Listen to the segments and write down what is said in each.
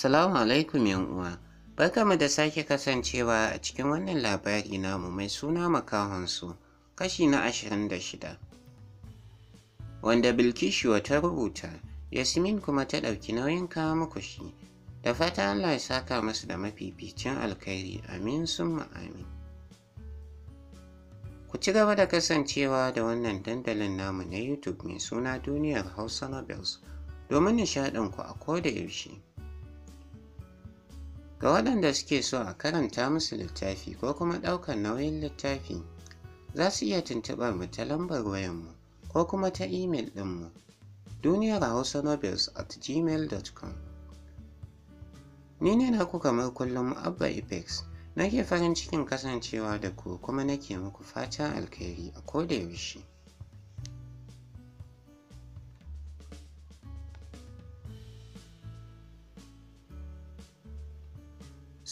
Assalamu alaikum uwa. Barkamu da sake kasancewa a cikin wannan labari namu mai suna makahonsu kashi na ashirin da shida. Wanda Bilkishu ta rubuta, Yasmin kuma ta ɗauki nauyin kawo muku shi. Da fata Allah ya saka masu da mafificin alkhairi amin sun amin. Ku ci gaba da kasancewa da wannan dandalin namu na YouTube mai suna Duniyar Hausa Nobels domin nishaɗinku a koda yaushe. Ga waɗanda suke so a karanta musu littafi ko kuma ɗaukar nauyin littafi, za su iya tuntuɓar mu ta lambar wayanmu ko kuma ta imel ɗinmu duniyar hausa novels at gmail.com. Ni ne ku kamar kullum Abba Apex. Nake farin cikin kasancewa da ku kuma nake muku fatan alkhairi a koda yaushe.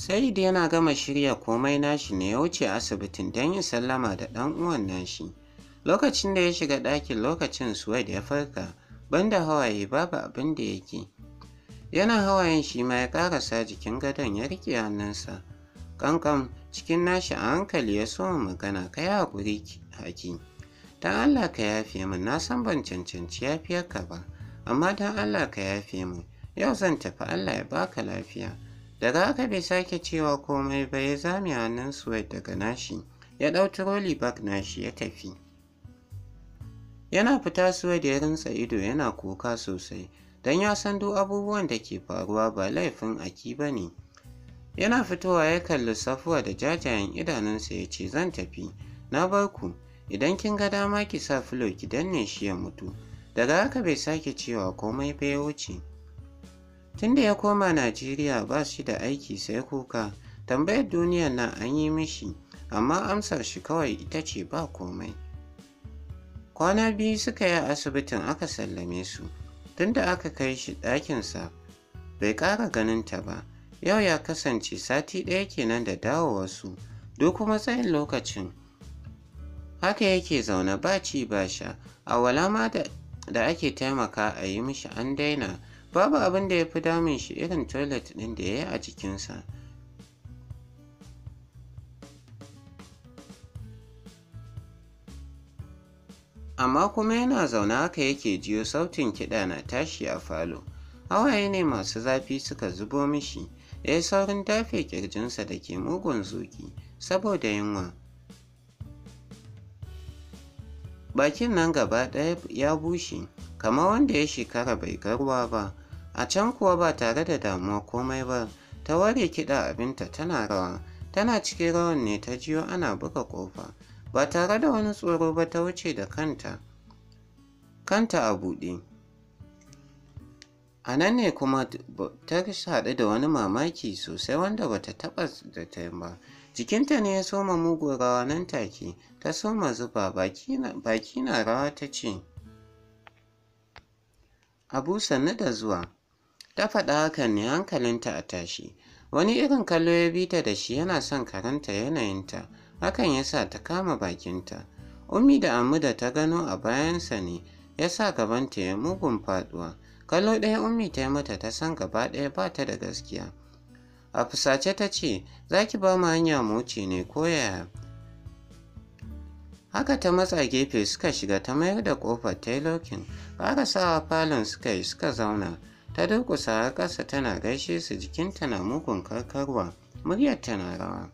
da yana gama shirya komai nashi ne ya wuce asibitin don yin sallama da ɗan uwan nashi. Lokacin da ya shiga ɗakin lokacin Suwaid ya farka, banda hawaye babu abin da yake. Yana hawayen shi ma ya ƙarasa jikin gadon ya riƙe hannunsa. Ƙanƙan cikin nashi a hankali ya so magana ka yi haƙuri haki. Don Allah ka yafe min na san ban cancanci yafiyarka ba, amma don Allah ka yafe min yau zan tafi Allah ya baka lafiya. da za bai sake cewa komai ba ya zami hannun suwai daga nashi ya ɗau trolley bag nashi ya tafi yana fita suwai da ya rinsa ido yana kuka sosai don ya san duk abubuwan da ke faruwa ba laifin aki ba ne yana fitowa ya kalli safuwa da jajayen idanunsa ya ce zan tafi na bar ku idan kin ga dama ki sa filo ki danne shi ya mutu daga haka bai sake cewa komai bai wuce Tunda ya koma Najeriya ba shi da aiki sai kuka, tambayar duniyar nan an yi mishi, amma amsar shi kawai ita ce ba komai. Kwana biyu suka yi asibitin aka sallame su, tunda aka kai shi ɗakinsa bai ƙara ganin ta ba, yau ya kasance sati ɗaya kenan da dawowarsu, duk kuma tsayin lokacin. Haka yake zaune ba ci ba sha, a walama da ake taimaka a yi mishi an daina. babu abin da ya fi damun shi irin toilet ɗin da ya yi a jikinsa amma kuma yana zaune haka yake jiyo sautin kiɗa na tashi a falo hawaye ne masu zafi suka zubo mishi ya yi saurin dafe ƙirjinsa da ke mugun zuki saboda yunwa bakin nan gaba ɗaya ya bushe kamar wanda ya shekara bai ga ba a can kuwa ba tare da damuwa komai ba ta ware kiɗa abinta tana rawa tana cikin rawan ne ta jiyo ana buga ƙofa ba tare da wani tsoro ba ta wuce da kanta kanta a buɗe a nan ne kuma ta haɗu da wani mamaki sosai wanda bata taɓa da ta ba jikinta ne ya soma mugun rawa nan take ta soma zuba baki na rawa ta ce Abu sannu da zuwa. Ta faɗa hakan ne hankalinta a tashi. Wani irin kallo ya bi ta da shi yana son karanta yanayinta, hakan ya sa ta kama bakinta. Ummi da Amu da ta gano a bayansa ne ya sa gabanta ya mugun faɗuwa. Kallo ɗaya Ummi ta yi mata ta san gaba ɗaya ba ta da gaskiya. A fusace ta ce, za ki ba mu hanya mu wuce ne ko yaya? haka ta matsa gefe suka shiga ta mayar da kofar ta yi lokin ƙara sawa falon suka yi suka zauna ta durƙusa har ƙasa tana gaishe su jikinta na mugun karkarwa muryar tana rawa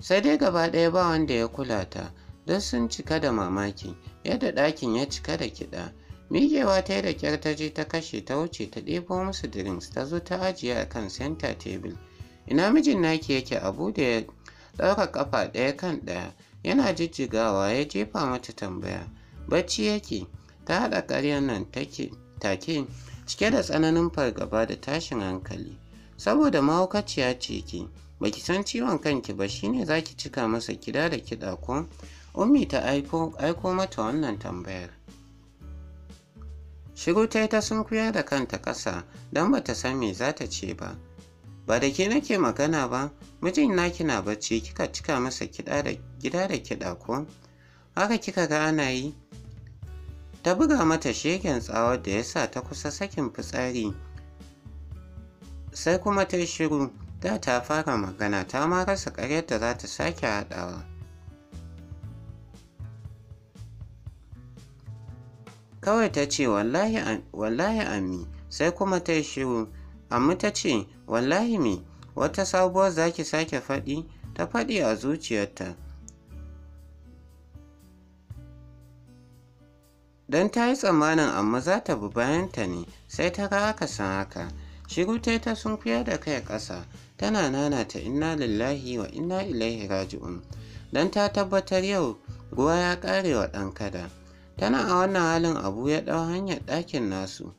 sai dai gaba ɗaya ba wanda ya kula ta don sun cika da mamaki yadda ɗakin ya cika da kiɗa miƙewa ta yi da kyar ta je ta kashe ta wuce ta ɗebo musu drinks ta zo ta ajiye a kan center table ina mijin naki yake abu da ya ɗaura ƙafa ɗaya kan ɗaya yana jijjigawa ya jefa mata tambaya bacci yake ta haɗa ƙaryar nan take cike da tsananin fargaba da tashin hankali saboda mahaukaciya ce ke baki san ciwon kanki ba shine zaki cika masa kida da kiɗa ko ummi ta aiko mata wannan tambayar shiru ta yi ta sunkuya da kanta ƙasa don bata san me za ta ce ba ba da ke nake magana ba mijin naki na bacci kika cika masa gida da kiɗa ko haka kika ga ana yi ta buga mata shegen tsawar da ya sa ta kusa sakin fitsari sai kuma ta shiru da ta fara magana ta ma rasa ƙaryar da za ta sake haɗawa kawai ta ce wallahi ami sai kuma ta shiru amma ta ce wallahi me wata sabuwar za ki sake faɗi ta faɗi a zuciyarta don ta yi tsammanin amma za ta bi bayanta ne sai ta ga aka san haka shirutai ta sunkuya da kai ƙasa tana nana ta inna lillahi wa inna ilaihi raji'un don ta tabbatar yau ruwa ya ƙare wa ɗan kada tana a wannan halin abu ya ɗau hanyar ɗakin nasu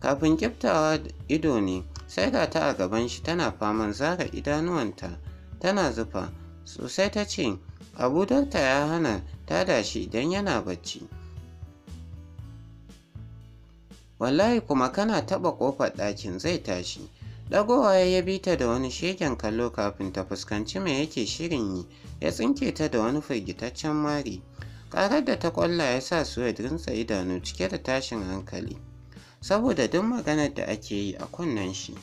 kafin kiftawa ido ne sai ga ta a gaban shi tana faman zara idanuwanta tana zufa sosai ta ce abu ya hana ta shi idan yana bacci wallahi kuma kana taɓa ƙofar ɗakin zai tashi ɗagowa ya bi ta da wani shegen kallo kafin ta fuskanci mai yake shirin yi ya tsinke ta da wani firgitaccen mari ƙarar da ta ƙwalla ya sa su ya rinsa idanu cike da tashin hankali saboda duk maganar da ake yi a kunnen shi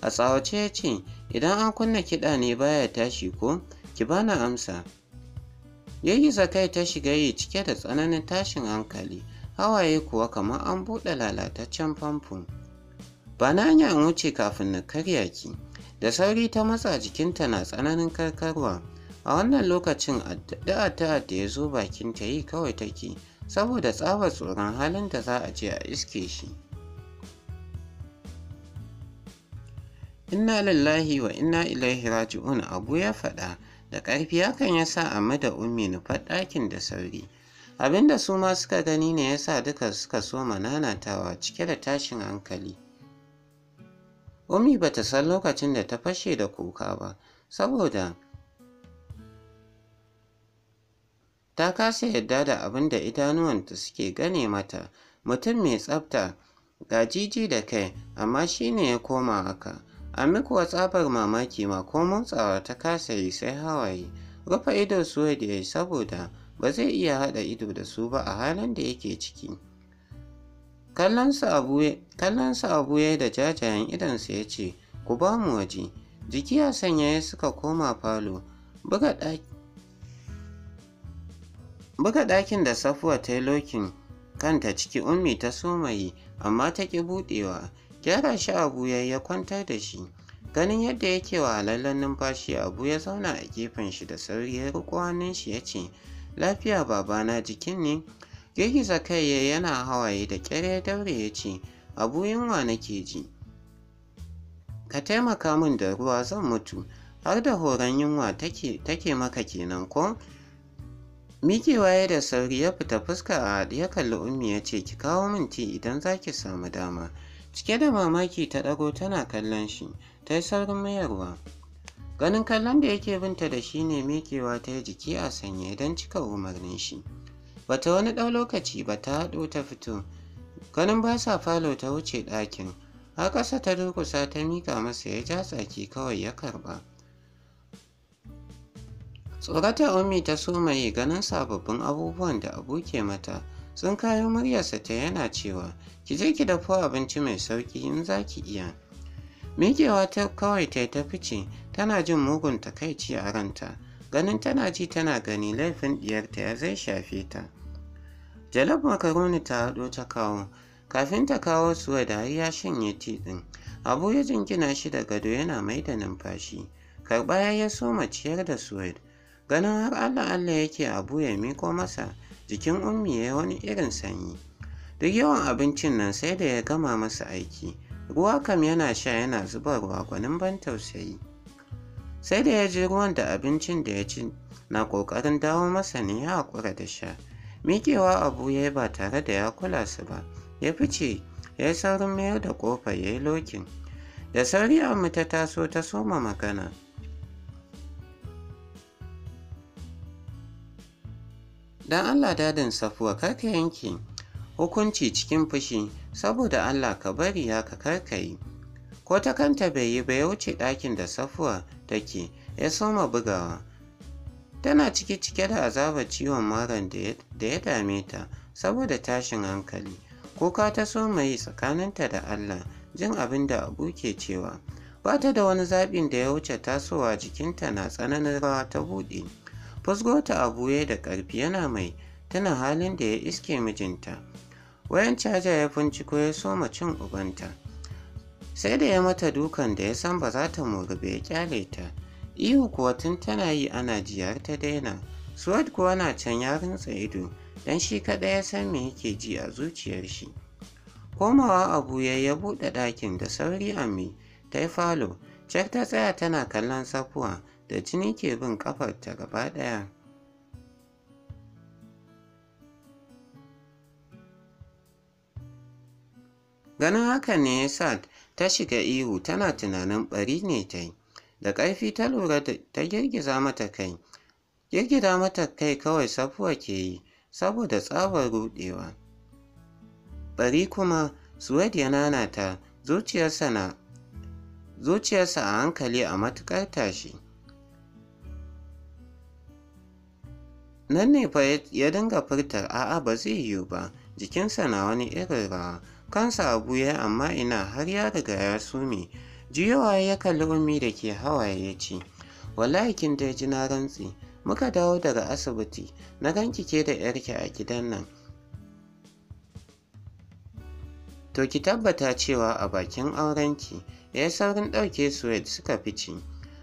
a tsawace ya ce idan an kunna kiɗa ne baya tashi ko ki bana amsa yayi zakai ta shiga yi cike da tsananin tashin hankali hawaye kuwa kamar an buɗe lalataccen famfo ba na hanya in wuce kafin na karya ki da sauri ta matsa jikinta na tsananin karkarwa a wannan lokacin addu'a ta da ya zo bakinta yi kawai take saboda tsabar tsoron halin da za a je a iske shi inna lillahi wa inna ilaihi raji'un abu ya faɗa da ƙarfi hakan ya sa amma da ummi nufar ɗakin da sauri abinda su ma suka gani ne ya sa duka suka so nanatawa cike da tashin hankali ummi ta san lokacin da ta fashe da kuka ba saboda ta kasa yadda da abin da idanuwanta suke gane mata mutum mai tsafta gajiji da kai amma shine ya koma haka A kuwa tsabar mamaki ma ko motsawa ta kasa yi sai hawaye. Rufe ido da ya saboda ba zai iya haɗa ido da su ba a halin da yake ciki. Kallon su abu ya da jajayen idonsa ya ce, Ku ba mu waje. Jiki ya sanya ya suka koma falo. Buga ɗakin da safuwa ta yi lokin kanta ciki ummi ta somayi amma ta ƙi buɗewa. gyara shi a buya ya kwantar da shi ganin yadda yake lallan numfashi abu ya zauna a gefen shi da sauri ya riko hannun shi ya ce lafiya babana jikin ne girgiza kai yana hawaye da ƙyar ya daure ya ce abu yunwa nake ji ka taimaka min da ruwa zan mutu har da horon yunwa take maka kenan ko Mikewa ya da sauri ya fita fuska a ya kalli ummi ya ce ki kawo min ti idan za ki samu dama Cike da mamaki ta ɗago tana kallon shi, ta yi saurin mayarwa. Ganin kallon da yake binta da shi ne mekewa ta yi jiki a sanye don cika umarnin shi. Bata wani ɗau lokaci ba ta haɗo ta fito. Ganin ba sa falo ta wuce ɗakin. A ƙasa ta durƙusa ta miƙa masa ya ja tsaki kawai ya karɓa. Tsorata Ummi ta so mai ganin sababbin abubuwan da abu ke mata. sun kayo muryarsa ta yana cewa ki je ki dafo abinci mai sauki in za ki iya Mikewa ta kawai ta ta fice tana jin mugun takaici a ranta ganin tana ji tana gani laifin ɗiyarta ya zai shafe ta jalab makaroni ta haɗo ta kawo kafin ta kawo suwa da ya shanye ti ɗin abu ya jingina shi da gado yana mai da numfashi karɓa ya ya soma ciyar da suwa ganin har allah allah yake abu ya miko masa jikin ummi ya wani irin sanyi duk yawan abincin nan sai da ya gama masa aiki ruwa kam yana sha yana zubarwa gwanin ban tausayi sai da ya ji ruwan da abincin da ya ci na ƙoƙarin dawo masa ne ya haƙura da sha miƙewa abu ya yi ba tare da ya kula su ba ya fice ya yi saurin mayar da ƙofar ya yi lokin da sauri amma ta taso ta soma magana don Allah dadin safuwa karka yanke hukunci cikin fushi saboda Allah ka bari haka ka yi ko ta kanta bai yi ba ya wuce ɗakin da safuwa take ya soma bugawa tana ciki cike da azabar ciwon maran da ya dame ta saboda tashin hankali Ko ka ta soma yi tsakaninta da Allah jin abin da abu ke cewa ba ta da wani zaɓin da ya wuce tasowa jikinta na tsananin rawa ta buɗe fusgota ta buye da ƙarfi yana mai tana halin da ya iske mijinta. Wayan caja ya finciko ya soma cin ubanta. Sai da ya mata dukan da ya san ba za ta mori ba ya kyale ta. Ihu kuwa tun tana yi ana jiyar ta daina. Suwad kuwa na can ya rintsa ido don shi kaɗai ya san me yake ji a zuciyar shi. Komawa a ya ya buɗe ɗakin da sauri Ami ta yi falo. Car ta tsaya tana kallon safuwa da jini ke bin ta gaba ɗaya. Ganin haka ne sa ta shiga ihu tana tunanin bari ne ta yi, da ƙarfi ta lura ta girgiza mata kai, girgiza mata kai kawai safuwa ke yi saboda tsabar ruɗewa. bari kuma suwaid ya nanata zuciyarsa zuciyarsa a hankali a matuƙar tashi. nan ne fa ya dinga furtar a'a ba zai yiwu ba jikinsa na wani irin rawa kansa abu ya amma ina har ya riga ya sume jiyowa ya kalli ummi da ke hawaye ya ce wallahi kin dai ji na rantsi muka dawo daga asibiti na ganki ke da yarki a gidan nan to ki tabbata cewa a bakin aurenki ya saurin ɗauke suwed suka fice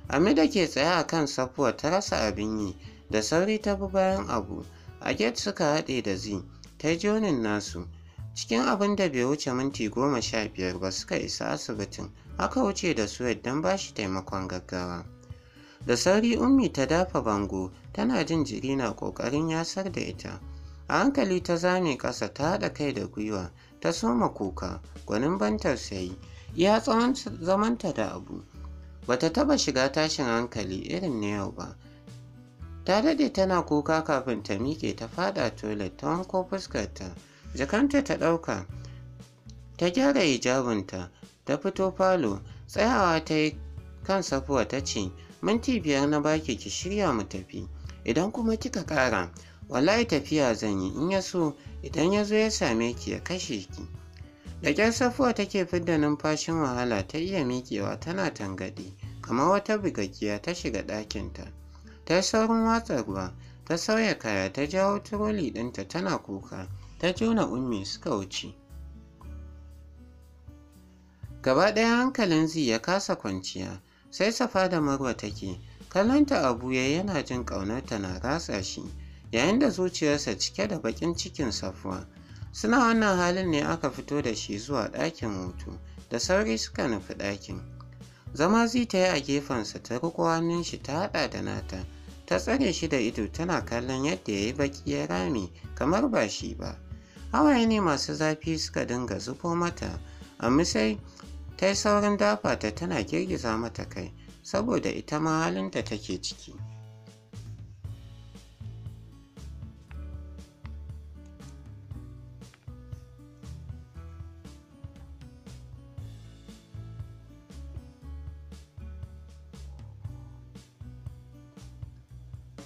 ami da ke tsaye a kan safuwa ta rasa abin yi da sauri ta bi bayan abu a get suka haɗe da zi ta jonin nasu cikin abin da bai wuce minti goma sha biyar ba suka isa asibitin aka wuce da suwed don ba shi taimakon gaggawa da sauri ummi ta dafa bango tana jin jiri na ƙoƙarin yasar da ita a hankali ta zame ƙasa ta haɗa kai da gwiwa ta soma kuka gwanin ban tausayi ya tsawon zamanta da abu bata taba shiga tashin hankali irin na yau ba Ta daɗe tana kuka kafin ta miƙe ta faɗa toilet ta wanko fuskarta. Jakanta ta ɗauka. Ta gyara hijabinta. Ta fito falo. Tsayawa ta yi kan safuwa ta ce, Minti biyar na baki ki shirya mu tafi. Idan kuma kika ƙara, wallahi tafiya zan yi in ya so idan ya zo ya same ki ya kashe ki. Da kyar safuwa take fidda numfashin wahala ta iya miƙewa tana tangaɗi, kamar wata bugaggiya ta shiga ɗakinta. ta saurin watsa ruwa ta sauya kaya ta jawo turoli ɗinta tana kuka ta juna ummi suka wuce gaba ɗaya hankalin zai ya kasa kwanciya sai safa da marwa take kallonta abu ya yana jin ƙaunarta na ratsa shi yayin da zuciyarsa cike da baƙin cikin safuwa suna wannan halin ne aka fito da shi zuwa ɗakin hutu da sauri suka nufi ɗakin Zama zai ta yi a gefensa ta riƙo hannun shi ta haɗa da nata. Ta tsare shi da ido tana kallon yadda ya yi baƙi ya rame kamar ba shi ba. Hawaye ne masu zafi suka dinga zubo mata. Amma sai ta yi saurin dafa ta tana girgiza mata kai saboda ita ma halinta take ciki.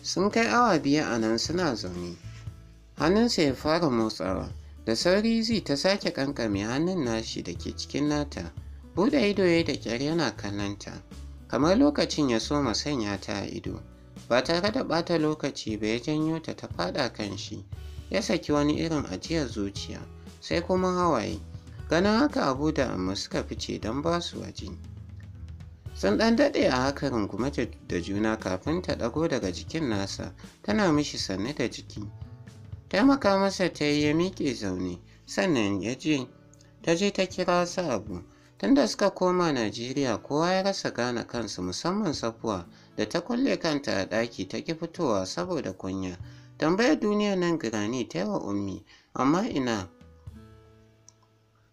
sun kai awa biyu a nan suna zaune hannunsa ya fara motsawa da sauri zai ta sake kankame hannun nashi da ke cikin nata buɗe ido ya da kyar yana kallonta kamar lokacin ya soma sanya ta a ido ba tare da ɓata lokaci ba ya janyo ta ta faɗa kan shi ya saki wani irin ajiyar zuciya sai kuma hawaye ganin haka abu da amma suka fice don ba su waje sun ɗan daɗe a hakarin kuma da juna kafin ta ɗago daga jikin nasa tana mishi sanne da jiki taimaka masa ta yi ya miƙe zaune sannan ya je ta je ta kira su abu tunda suka koma najeriya kowa ya rasa gane kansu musamman safuwa da ta kulle kanta a ɗaki ta ki fitowa saboda kunya tambayar duniya nan girani ta yi wa ummi amma ina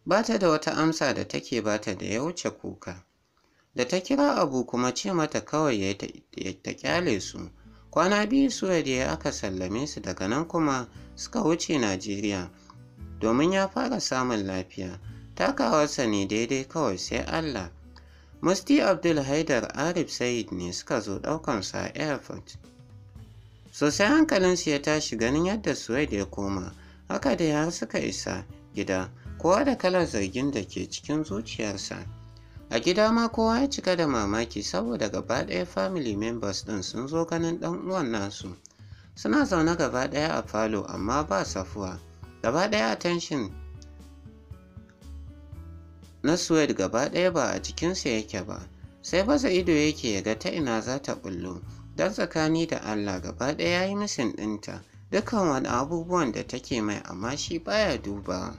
ba ta da wata amsa da take ta da ya wuce kuka Da ta kira Abu kuma ce mata kawai ya ta kyale su. Kwana biyu Suwadiya aka sallame su daga nan kuma suka wuce Najeriya. Domin ya fara samun lafiya, takawarsa ne daidai kawai sai Allah. Musti Abdul Haidar Arif Said ne suka zo ɗaukansa a airport. Sosai hankalinsu ya tashi ganin yadda Suwaid ya koma, haka dai har suka isa gida, kowa da kalar zargin da ke cikin zuciyarsa. a gida ma kowa ya cika da mamaki saboda gaba ɗaya family members ɗin sun zo ganin ɗan uwan nasu suna zaune gaba ɗaya a falo amma ba safuwa gaba ɗaya attention na suwed gaba ɗaya ba a cikinsa yake ba sai baza ido yake ya ga ta ina za ta ɓullo don tsakani da allah gaba ɗaya ya yi misin ɗinta dukkan wani abubuwan da take mai amma shi baya dubawa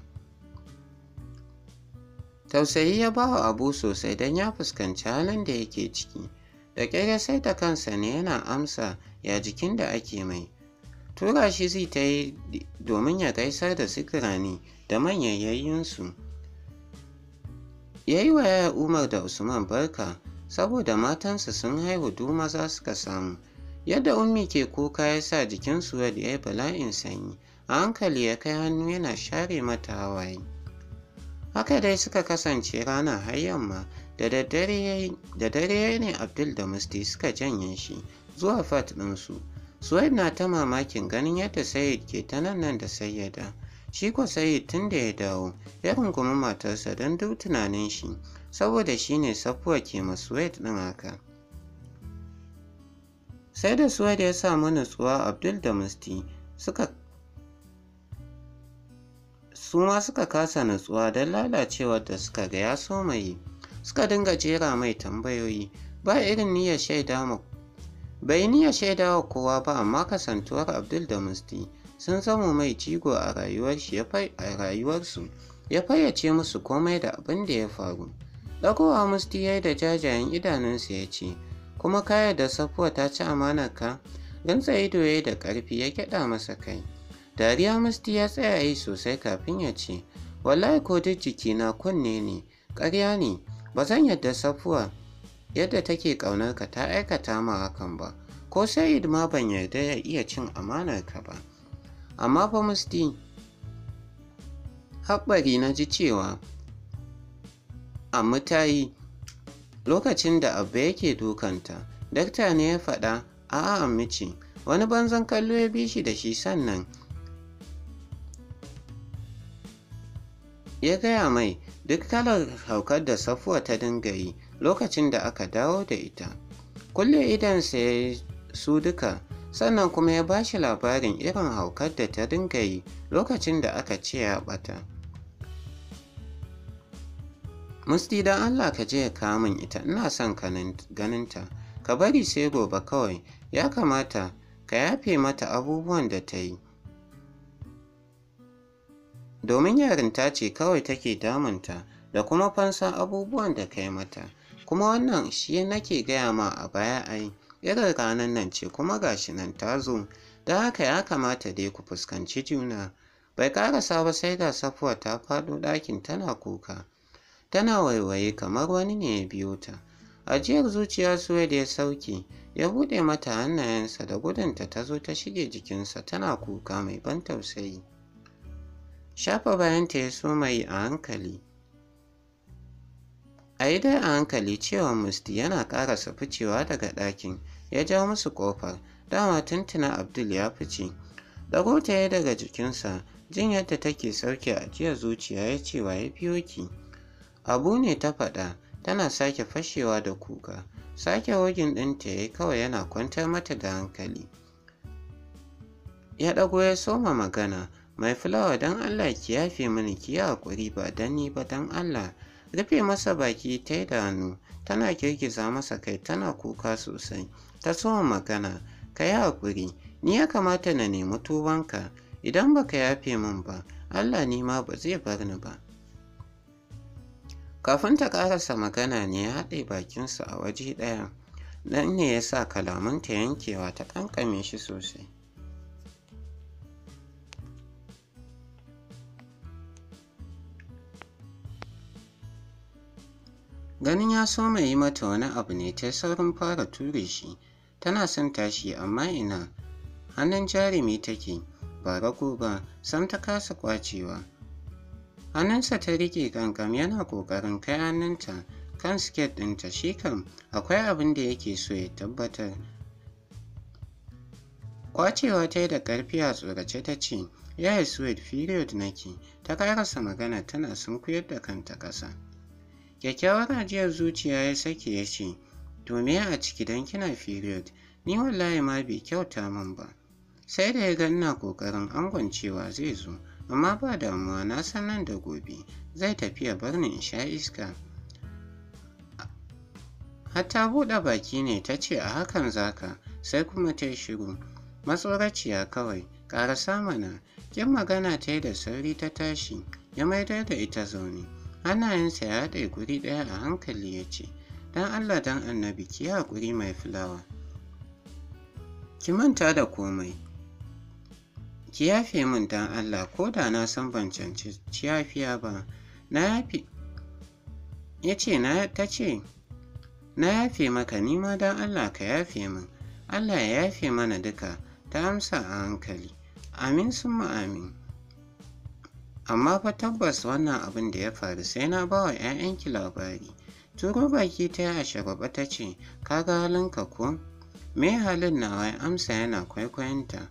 Tausayi ya ba wa Abu sosai don ya fuskanci halin da yake ciki. Da ƙyar sai ta kansa ne yana amsa ya jikin da ake mai. Tura shi zai ta yi domin ya gaisar da sikirani da yayyinsu Ya yi wa yaya Umar da Usman barka saboda matansa sun haihu du maza suka samu. Yadda Ummi ke kuka ya sa jikin Suwad ya yi bala'in sanyi, a hankali ya kai hannu yana share mata hawaye. Haka dai suka kasance rana har yamma da dare ya ne Abdul da Musti suka janye shi zuwa fat ɗinsu. Suwaid na ta mamakin ganin yadda Sayid ke ta nan nan da Sayyada. Shi ko Sayid tun da ya dawo ya rungumi matarsa don duk tunanin shi saboda shi ne safuwa ke ma Suwaid ɗin haka. Sai da Suwaid ya samu nutsuwa Abdul da Musti suka su ma suka kasa natsuwa don lalacewar da suka ga ya so mai suka dinga jera mai tambayoyi ba irin niyyar shaida ma bai niyyar shaida wa kowa ba amma kasantuwar abdul da musti sun zamo mai jigo a rayuwarsu ya fayyace musu komai da abin da ya faru ɗagowa musti ya yi da jajayen idanunsa ya ce kuma kayar da safuwa ta ci ka don ido ya da ƙarfi ya kyaɗa masa kai Dariya Musti ya tsaya yi sosai kafin ya ce, Wallahi ko duk na kunne ne, karya ne, ba zan yadda safuwa yadda take ƙaunarka ta aikata ma hakan ba, ko sai ma ban yarda ya iya cin ka ba. Amma fa Musti, haɓari na ji cewa a mutayi lokacin da abu yake dokanta, dakta ne ya faɗa a a mici wani banzan kallo ya bi shi da shi sannan ya gaya mai duk kalar haukar da safuwa ta dinga yi lokacin da aka dawo da ita kulle idansa ya su duka sannan kuma ya ba shi labarin irin haukar da ta dinga yi lokacin da aka ce ya ɓata musti don allah ka je ya kamun ita ina son ganinta ka bari sai gobe kawai ya kamata ka yafe mata abubuwan da ta yi domin yarinta ce kawai take damunta da kuma fansa abubuwan da kai mata kuma wannan shi nake gaya ma a baya ai irin ranar nan ce kuma gashi nan ta zo da haka ya kamata dai ku fuskanci juna bai karasa ba sai da safuwa ta faɗo ɗakin tana kuka tana waiwaye kamar wani ne ya biyo ta ajiyar zuciya suwai da ya sauke ya buɗe mata hannayensa da gudunta ta zo ta shige jikinsa tana kuka mai ban tausayi Shafa bayanta ya so mai a hankali. A yi dai a hankali cewa Musti yana ƙarasa ficewa daga ɗakin ya ja musu ƙofar, dama tuntuna Abdul ya fice. Ɗago ta ya daga jikinsa, jin yadda take sauke a jiya zuciya ya ce wa ya biyo ki. Abu ne ta faɗa, tana sake fashewa da kuka, sake wogin ɗinta ya yi kawai yana kwantar mata da hankali. Ya ɗago ya soma magana, mai fulawa don allah ki yafe mini ki yi haƙuri ba don ni ba don allah rufe masa baki ta yi da hannu tana girgiza masa kai tana kuka sosai ta so magana ka yi haƙuri ni ya kamata na nemi tubanka idan ba ka yafe min ba allah ni ma ba zai bar ni ba kafin ta ƙarasa magana ne ya haɗe bakinsa a waje ɗaya nan ne ya sa kalamanta yankewa ta ƙanƙame shi sosai Ganin ya so mai yi mata wani abu ne ta saurin fara ture shi, tana son tashi amma ina. Hannun jarumi take, ba rago ba, sam ta kasa kwacewa. Hannunsa ta rike kankam yana ƙoƙarin kai hannunta kan siket ɗinta shi kam akwai abin da yake so ya tabbatar. Kwacewa ta yi da ƙarfi a tsorace ta ce, Yes, wait, period nake. Ta karasa magana tana sunkuyar da kanta ƙasa. kyakkyawar ajiyar zuciya ya sake ya ce to me a ciki don kina period ni wallahi ma bai kyauta min ba sai da ya ga ina kokarin angon cewa zai zo amma ba damuwa na san nan da gobe zai tafiya bar ni in sha iska hatta buɗe baki ne ta ce a hakan zaka sai kuma ta yi shiru matsoraciya kawai ƙarasa mana kin magana ta yi da sauri ta tashi ya maidar da ita zaune hannayensa ya haɗe guri ɗaya a hankali ya ce don allah don annabi ki guri mai fulawa ki manta da komai ki yafe min don allah ko da na san ban ci yafiya ba na yafe ya ce na ta ce na yafe maka nima don allah ka yafe min allah ya yafe mana duka ta amsa a hankali amin sun amin amma fa tabbas wannan abin da ya faru sai na ba wa 'ya'yanki labari turo baki ta ya a shagwaba ta ce ka ga halinka ko me halin na wai amsa yana kwaikwayonta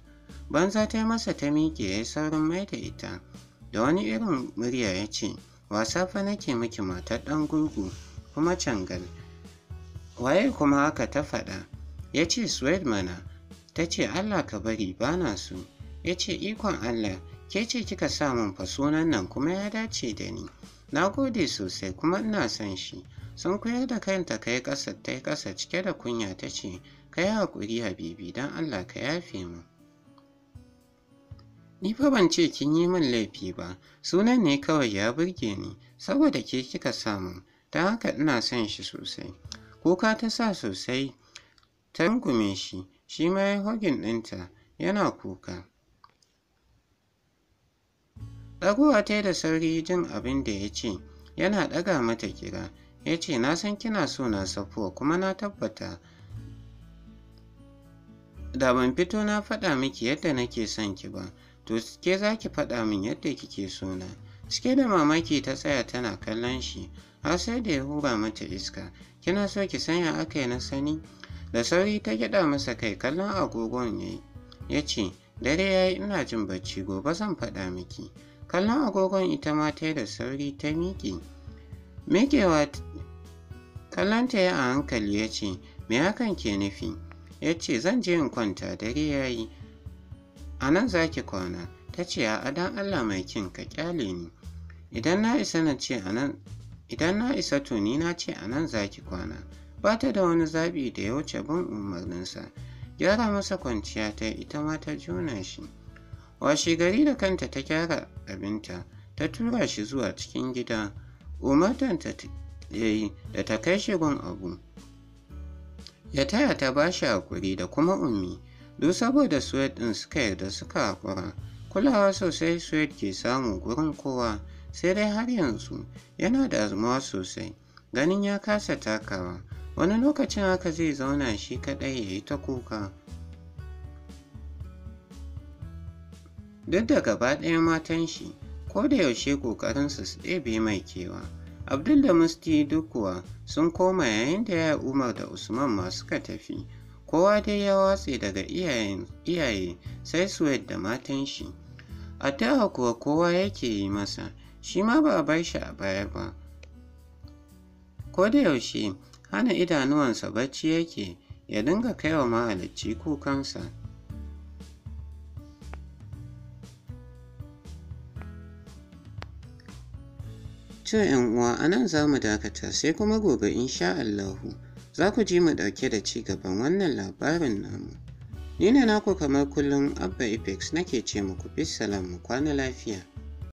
banza ta yi masa ta miƙe ya yi saurin mai da ita da wani irin murya ya ce wasa fa nake miki matar ɗan gurgu kuma cangal waye kuma haka ta faɗa ya ce suwaid mana ta ce allah ka bari ba na so ya ce ikon allah ke ce kika sa min fa sunan nan kuma ya dace da ni na gode sosai kuma ina son shi sun koyar da kanta kai kasa ta kasa cike da kunya ta ce ka yi haƙuri habibi don allah ka yafe mu ni fa ban ce kin yi min laifi ba sunan ne kawai ya burge ni saboda ke kika samu ta haka ina son shi sosai kuka ta sa sosai ta rungume shi shi ma ya hogin ɗinta yana kuka Ɗagowa ta da sauri jin abin da ya ce, yana ɗaga mata kira, ya ce, Na san kina so na safuwa kuma na tabbata. Da ban fito na faɗa miki yadda nake son ki ba, to ke za ki faɗa min yadda kike so na. Cike da mamaki ta tsaya tana kallon shi, har sai da ya hura mata iska, kina so ki sanya aka yi na sani? Da sauri ta gyaɗa masa kai kallon agogon ya ya ce, Dare ya yi ina jin bacci gobe zan faɗa miki. kallon agogon ita ma ta da sauri ta miƙe miƙewa kallon ta ya a hankali ya ce me hakan ke nufi ya ce zan je in kwanta dare ya yi a nan za ki kwana ta ce a dan allah mai kin ka kyale ni idan na isa na idan na isa to na ce a nan za ki kwana ba ta da wani zaɓi da ya wuce bin umarninsa gyara masa kwanciya ta ita ma ta juna shi washe gari da kanta ta gyara abinta ta tura shi zuwa cikin gida umartanta ya yi da ta kai shi gun abu ya taya ta ba shi hakuri da kuma ummi duk saboda suwed ɗin suka yarda suka hakura kulawa sosai suwed ke samu gurin kowa sai dai har yanzu yana da azumawa sosai ganin ya kasa takawa wani lokacin haka zai zauna shi kaɗai ya yi ta kuka duk da gaba ɗaya matan shi ko da yaushe ƙoƙarinsa su ɗebe mai kewa abdul da musti duk kuwa sun koma yayin da ya umar da usman ma suka tafi kowa dai ya watse daga iyaye sai su yadda matan shi a taha kuwa kowa yake yi masa shi ma ba a bar shi a baya ba ko da yaushe hana idanuwansa bacci yake ya dinga kaiwa mahalicci kukansa To uwa a nan za mu dakata sai kuma gobe insha Allahu za ku ji mu ɗauke da ci gaban wannan labarin namu. Ni ne naku kamar kullum Abba Apex nake ce muku bisalam mu kwana lafiya.